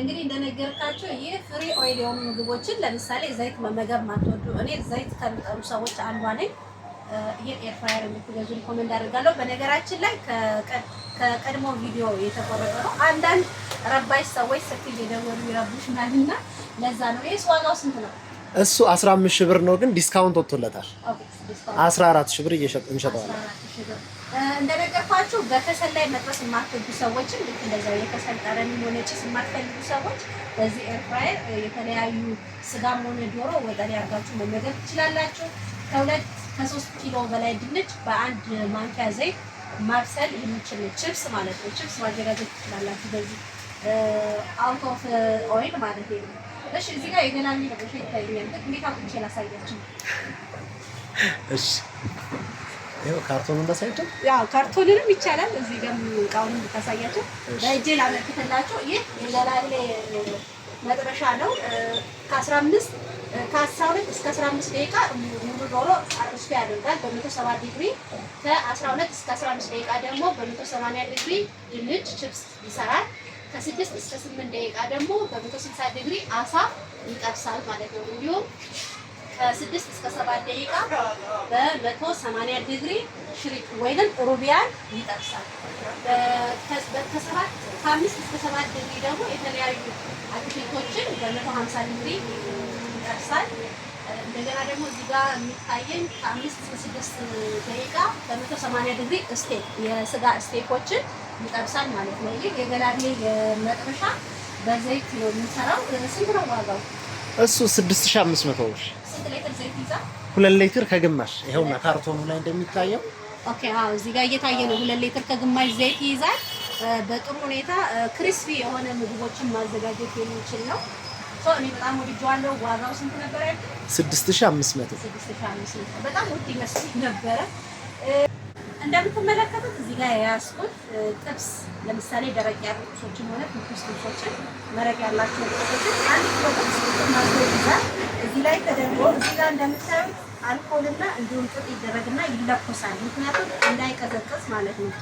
እንግዲህ እንደነገርካቸው ይህ ፍሪ ኦይል የሆኑ ምግቦችን ለምሳሌ ዘይት መመገብ ማትወዱ፣ እኔ ዘይት ከሚጠሩ ሰዎች አንዷ ነኝ። ይህን ኤርፍራየር የምትገዙ ሪኮመንድ አደርጋለሁ። በነገራችን ላይ ከቀድሞ ቪዲዮ የተቆረጠ ነው። አንዳንድ ረባሽ ሰዎች ስልክ እየደወሉ ይረቡሽናል እና ለዛ ነው። ይስ ዋጋው ስንት ነው? እሱ 15 ሺህ ብር ነው፣ ግን ዲስካውንት ወጥቶለታል። 14 ሺህ ብር እንሸጠዋለን። እንደነገርኳችሁ በከሰል ላይ መጥበስ የማትፈልጉ ሰዎችን ልክ እንደዛው የከሰል ጠረን ሆነ ጭስ የማትፈልጉ ሰዎች በዚህ ኤርፍራየር የተለያዩ ስጋም ሆነ ዶሮ ወጠሪ አርጋችሁ መመገብ ትችላላችሁ። ከሁለት ከሶስት ኪሎ በላይ ድንች በአንድ ማንኪያ ዘይት ማብሰል የሚችል ችፕስ ማለት ነው። ችፕስ ማዘጋጀት ትችላላችሁ በዚህ አውት ኦፍ ኦይል ማለት ነው። እሺ፣ እዚህ ጋር የገላሚ ነገር ይታየኛል። እንዴት እሺ ይሄው ካርቶኑን ላሳያችሁ። ያው ካርቶኑንም ይቻላል። እዚህ ጋር እቃውን በእጄ ላመልክትላቸው። ይህ የገላሌ መጥበሻ ነው። ከ15 እስከ 15 ደቂቃ ሙሉ ዶሮ አርስቶ ያደርጋል በመቶ ሰባ ዲግሪ። ከ12 እስከ 15 ደቂቃ ደግሞ በመቶ 180 ዲግሪ ድንች ችፕስ ይሰራል። ከስድስት እስከ ስምንት ደቂቃ ደግሞ በመቶ ስልሳ ዲግሪ አሳ ይጠብሳል ማለት ነው። እንዲሁም ከስድስት እስከ ሰባት ደቂቃ በመቶ ሰማንያ ዲግሪ ሽሪክ ወይንም ሩቢያን ይጠብሳል። ከሰባት ከአምስት እስከ ሰባት ዲግሪ ደግሞ የተለያዩ አትክልቶችን በመቶ ሀምሳ ዲግሪ ይጠብሳል። እንደገና ደግሞ እዚህ ጋር የሚታየን ከአምስት እስከ ስድስት ደቂቃ በመቶ ሰማንያ ዲግሪ ስቴክ የስጋ ስቴኮችን ይጠብሳል ማለት ነው። ይህ የገላግሌ መጥበሻ በዘይት ነው የምንሰራው። ስንት ነው ዋጋው? እሱ 6500 ብር። ስንት ሌትር ዘይት ይዛል? ሁለት ሌትር ከግማሽ። ይኸውና ካርቶኑ ላይ እንደሚታየው ኦኬ። አዎ እዚህ ጋር እየታየ ነው። ሁለት ሌትር ከግማሽ ዘይት ይይዛል። በጥሩ ሁኔታ ክሪስፒ የሆነ ምግቦችን ማዘጋጀት የሚችል ነው። እኔ በጣም ወድጄዋለሁ። ዋጋው ስንት ነበር ያልኩት? 6500 6500። በጣም ውድ ይመስል ነበረ። እንደምትመለከቱት እዚህ ጋር የያዝኩት ጥብስ ለምሳሌ ደረቅ ያሉ ጥብሶችን ሆነ ትኩስ ጥብሶችን መረቅ ያላቸው ጥብሶችን አንድ ኪሎ ጥብስ ይዛል። እዚህ ላይ ተደርጎ እዚህ ጋር እንደምታዩት አልኮልና እንዲሁም ጥጥ ይደረግና ይለኮሳል። ምክንያቱም እንዳይቀዘቀዝ ማለት ነው።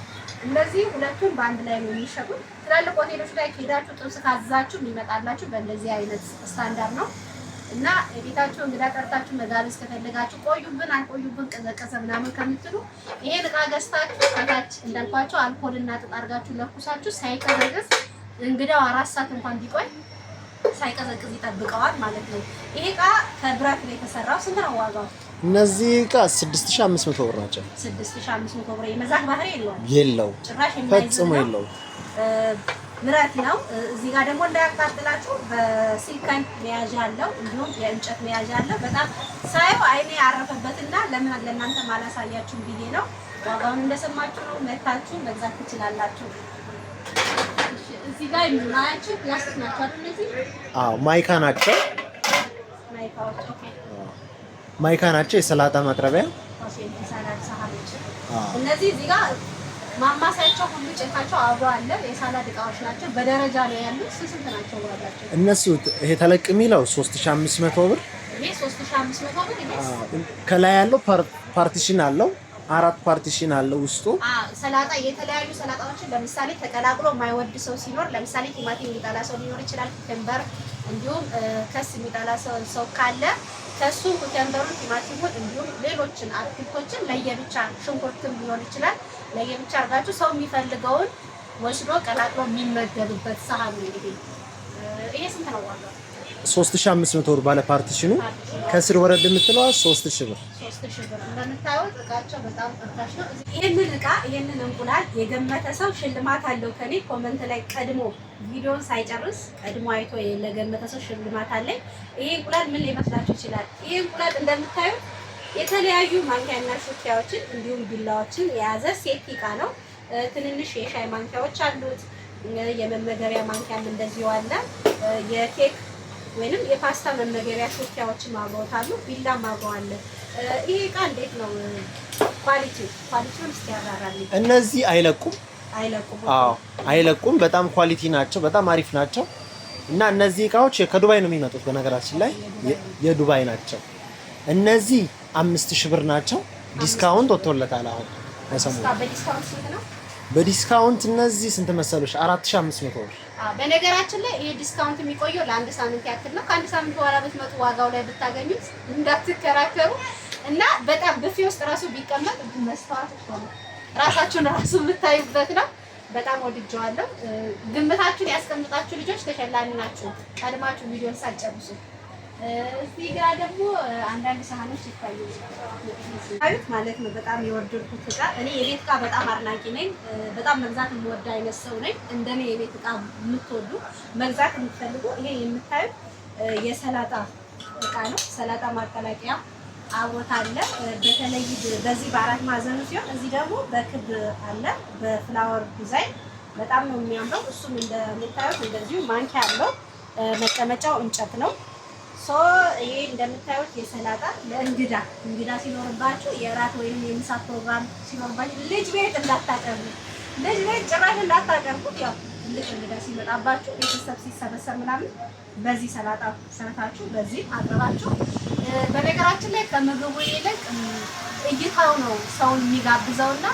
እነዚህ ሁለቱን በአንድ ላይ ነው የሚሸጡት። ትላልቅ ሆቴሎች ላይ ከሄዳችሁ ጥብስ ካዘዛችሁ የሚመጣላችሁ በእንደዚህ አይነት ስታንዳርድ ነው። እና የቤታቸው እንግዳ ጠርታችሁ መጋበዝ ከፈለጋችሁ ቆዩብን አልቆዩብን ቀዘቀዘ ምናምን ከምትሉ ይሄ እቃ ገዝታችሁ ከታች እንዳልኳቸው አልኮልና ጥጥ አድርጋችሁ ለኩሳችሁ ሳይቀዘቅዝ እንግዳው አራት ሰዓት እንኳን ቢቆይ ሳይቀዘቅዝ ይጠብቀዋል ማለት ነው። ይሄ እቃ ከብረት ነው የተሰራው። ስንት ነው ዋጋው? እነዚህ እቃ 6500 ብር ናቸው። 6500 ብር የመዛግ ባህሪ የለውም የለው ጭራሽ ፈጽሞ የለው ምረት ነው። እዚህ ጋር ደግሞ እንዳያቃጥላችሁ በሲልከን መያዣ አለው፣ እንዲሁም የእንጨት መያዣ አለው። በጣም ሳየው አይኔ ያረፈበትና ለምን ለእናንተ ማላሳያችሁ ብዬ ነው። ዋጋውን እንደሰማችሁ ነው፣ መታችሁ መግዛት ትችላላችሁ። እዚህ ጋር የምናያችሁ ፕላስቲክ ናቸው አይደል? ማይካ ናቸው። ማይካ ናቸው። የሰላጣ ማቅረቢያ እነዚህ እዚህ ጋር ማማሳያቸው ሁሉ ጭቃቸው አብሮ አለ። የሳላድ እቃዎች ናቸው። በደረጃ ነው ያሉት። ስንት ናቸው ዋጋቸው? እነሱ ይሄ ተለቅ የሚለው 3500 ብር፣ ይሄ 3500 ብር። ከላይ ያለው ፓርቲሽን አለው አራት ፓርቲሽን አለው ውስጡ ሰላጣ የተለያዩ ሰላጣዎችን ለምሳሌ ተቀላቅሎ የማይወድ ሰው ሲኖር ለምሳሌ ቲማቲም የሚጠላ ሰው ሊኖር ይችላል። ኩከምበር እንዲሁም ከስ የሚጠላ ሰው ካለ ከሱ ኩከምበሩን፣ ቲማቲሙን እንዲሁም ሌሎችን አትክልቶችን ለየብቻ ሽንኩርትም ሊሆን ይችላል ለየብቻ አርጋችሁ ሰው የሚፈልገውን ወስዶ ቀላቅሎ የሚመገብበት ሳህን ነው። እንግዲህ ይሄ ስንት ነው ዋጋው? 3500 ብር ባለ ፓርቲሽኑ ከስር ወረድ የምትለዋ 3000 ብር። 3000 እቃ ይሄንን እንቁላል የገመተ ሰው ሽልማት አለው ከኔ ኮመንት ላይ ቀድሞ ቪዲዮን ሳይጨርስ ቀድሞ አይቶ የለገመተ ሰው ሽልማት አለኝ። ይሄ እንቁላል ምን ሊመስላችሁ ይችላል? ይሄ እንቁላል እንደምታዩት የተለያዩ ማንኪያና ሹኪያዎችን እንዲሁም ቢላዎችን የያዘ ሴት እቃ ነው። ትንንሽ የሻይ ማንኪያዎች አሉት። የመመገቢያ ማንኪያም እንደዚሁ አለ። የኬክ ወይንም የፓስታ መመገቢያ ሹኪያዎችን ማብሮት አሉ። ቢላ ማብሮ ይሄ ዕቃ እንዴት ነው ኳሊቲ? ኳሊቲውን እስቲ ያብራራል። እነዚህ አይለቁም አይለቁም። አይለቁም። በጣም ኳሊቲ ናቸው። በጣም አሪፍ ናቸው። እና እነዚህ እቃዎች ከዱባይ ነው የሚመጡት። በነገራችን ላይ የዱባይ ናቸው እነዚህ አምስት ሺህ ብር ናቸው። ዲስካውንት ወጥቶለታል። አሁን በዲስካውንት እነዚህ ስንት መሰሎች? 4500 ብር። በነገራችን ላይ ይሄ ዲስካውንት የሚቆየው ለአንድ ሳምንት ያክል ነው። ከአንድ ሳምንት በኋላ ብትመጡ ዋጋው ላይ ብታገኙት እንዳትከራከሩ እና በጣም ብፌ ውስጥ ራሱ ቢቀመጥ መስተዋት ራሳችሁን ራሱ የምታዩበት ነው። በጣም ወድጀዋለሁ። ግምታችሁን ያስቀምጣችሁ ልጆች ተሸላሚ ናችሁ። ቀድማችሁ ቪዲዮን ሳጨርሱ እዚህ ጋ ደግሞ አንዳንድ ሳህኖች ይታዩት ማለት ነው። በጣም የወደድኩት እቃ እኔ የቤት እቃ በጣም አድናቂ ነኝ። በጣም መግዛት የምወድ አይነት ሰው ነኝ። እንደኔ የቤት እቃ የምትወዱ መግዛት የምትፈልጉ ይሄ የምታዩት የሰላጣ እቃ ነው። ሰላጣ ማቀላቀያ አቦት አለ። በተለይ በዚህ በአራት ማዕዘኑ ሲሆን እዚህ ደግሞ በክብ አለ በፍላወር ዲዛይን በጣም ነው የሚያምረው። እሱም እንደምታዩት እንደዚሁ ማንኪያ አለው። መቀመጫው እንጨት ነው። ሶ ይሄ እንደምታዩት የሰላጣ ለእንግዳ እንግዳ ሲኖርባችሁ የራት ወይም የምሳ ፕሮግራም ሲኖርባችሁ ልጅ ቤት እንዳታቀርቡ፣ ልጅ ቤት ጭራሽ እንዳታቀርቡት። ያው ትልቅ እንግዳ ሲመጣባችሁ ቤተሰብ ሲሰበሰብ ምናምን በዚህ ሰላጣ ሰርታችሁ በዚህ አቅርባችሁ። በነገራችን ላይ ከምግቡ ይልቅ እይታው ነው ሰውን የሚጋብዘው እና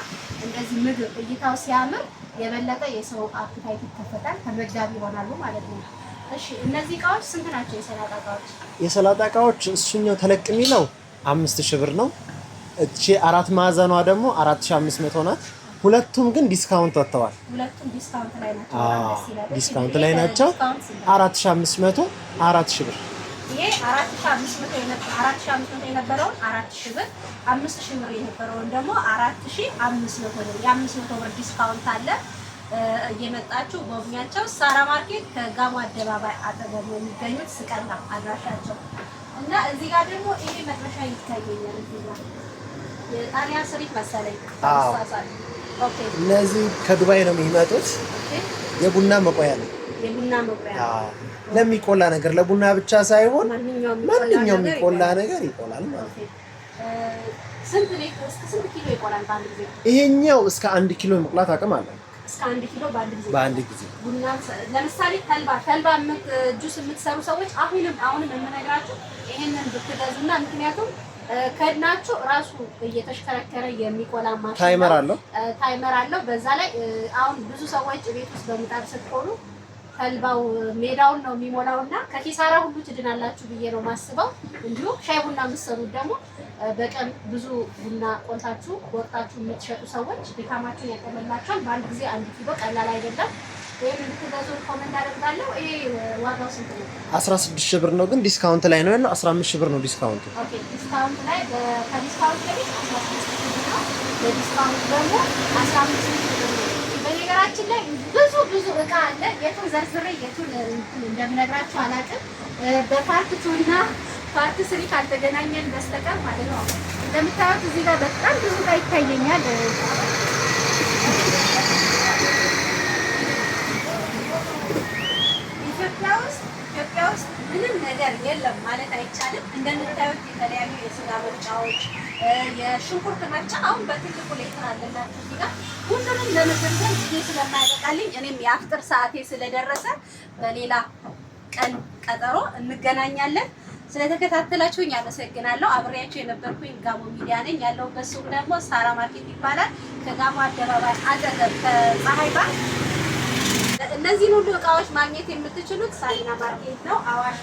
እንደዚህ ምግብ እይታው ሲያምር የበለጠ የሰው አፕታይት ይከፈታል፣ ተመጋቢ ይሆናሉ ማለት ነው። እሺ እነዚህ እቃዎች ስንት ናቸው? የሰላጣ እቃዎች የሰላጣ እቃዎች እሱኛው ተለቅ የሚለው አምስት ሺህ ብር ነው። እቺ አራት ማዕዘኗ ደግሞ አራት05 መቶ ናት። ሁለቱም ግን ዲስካውንት ወጥተዋል። ሁለቱም ዲስካውንት ላይ ናቸው። አዎ ዲስካውንት ላይ ናቸው። 4500 4000 ብር ይሄ መቶ የነበረውን 4000 ብር ብር የነበረውን ደግሞ 4500 ነው የአምስት መቶ ብር ዲስካውንት አለ። እየመጣችሁ ጎብኛቸው። ሳራ ማርኬት ከጋሞ አደባባይ አጠገብ ነው የሚገኙት። ስቀላ አድራሻቸው እና እዚህ ጋር ደግሞ ይሄ መጥበሻ ይታየኛል። የጣሊያን ስሪት መሰለኝ። እነዚህ ከዱባይ ነው የሚመጡት። የቡና መቆያ ነው ለሚቆላ ነገር ለቡና ብቻ ሳይሆን ማንኛውም የሚቆላ ነገር ይቆላል ማለት ነው። ይሄኛው እስከ አንድ ኪሎ የመቁላት አቅም አለው። በአንድ ጊዜ ለምሳሌ ተልባ ተልባ ጁስ የምትሰሩ ሰዎች አሁንም አሁንም የምነግራችሁ ይህንን ብትገዙና ምክንያቱም ከድናችሁ ራሱ እየተሽከረከረ የሚቆላ ታይመር አለው ታይመር አለው። በዛ ላይ አሁን ብዙ ሰዎች ቤት ውስጥ በምጣድ ስትሆኑ ከልባው ሜዳውን ነው የሚሞላው እና ከኪሳራ ሁሉ ትድናላችሁ ብዬ ነው ማስበው። እንዲሁም ሻይ ቡና የምትሰሩት ደግሞ በቀን ብዙ ቡና ቆልታችሁ ወቅታችሁ የምትሸጡ ሰዎች ድካማችሁን ያቀመላቸዋል። በአንድ ጊዜ አንድ ኪሎ ቀላል አይደለም። ወይም እንድትገዙ ኮመንት ይሄ ዋጋው ስንት ነው? ሺህ ብር ነው፣ ግን ዲስካውንት ላይ ነው ያለው። 15 ሺህ ብር ነው ዲስካውንቱ። ዲስካውንት ላይ ከዲስካውንት ላይ ሺህ ብር ነው። በነገራችን ላይ ብዙ ብዙ እቃ አለ። የቱን ዘርዝሬ የቱን እንደምነግራችሁ አላውቅም። በፓርት ቱ እና ፓርት ስሪ ካልተገናኘን በስተቀር ማለት ነው። እንደምታዩት እዚህ ጋር በጣም ብዙ እቃ ይታየኛል። ኢትዮጵያ ውስጥ ኢትዮጵያ ውስጥ ምንም ነገር የለም ማለት አይቻልም። እንደምታዩት የተለያዩ የስጋ መርጫዎች የሽንኩርት መርጫ አሁን በትልቁ ሌትር አለላችሁ ሁሉንም ለመዘንዘን ጊዜ ስለማይበቃልኝ እኔም የአፍጥር ሰዓቴ ስለደረሰ በሌላ ቀን ቀጠሮ እንገናኛለን። ስለተከታተላችሁኝ አመሰግናለሁ አብሬያችሁ የነበርኩኝ ጋሞ ሚዲያ ነኝ። ያለሁበት ሱቅ ደግሞ ሳራ ማርኬት ይባላል። ከጋሞ አደባባይ አጠገብ ከፀሐይ ባንክ። እነዚህን ሁሉ እቃዎች ማግኘት የምትችሉት ሳሪና ማርኬት ነው፣ አዋሽ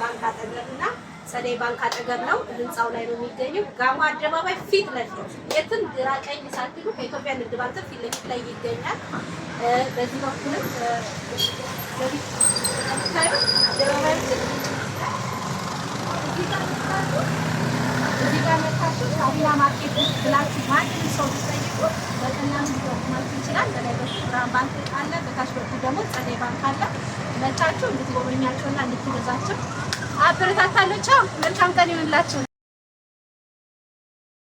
ባንክ አጠገብና ጸደይ ባንክ አጠገብ ነው። ህንፃው ላይ ነው የሚገኘው። ጋሞ አደባባይ ፊት ለፊት የትም ግራ ቀኝ ሳትሉ ከኢትዮጵያ ንግድ ባንክ ፊት ለፊት ላይ ይገኛል። በዚህ በኩልም ሳቢና ማርኬት ብላችሁ ማንም ሰው ሲጠይቁ በቀላሉ ማለት ይችላል። በላይ በኩል ብርሃን ባንክ አለ፣ በታች በኩል ደግሞ ጸደይ ባንክ አለ። መታችሁ እንድትጎበኛቸውና እንድትገዛቸው አበረታታለች። መልካም ቀን ይሁንላችሁ።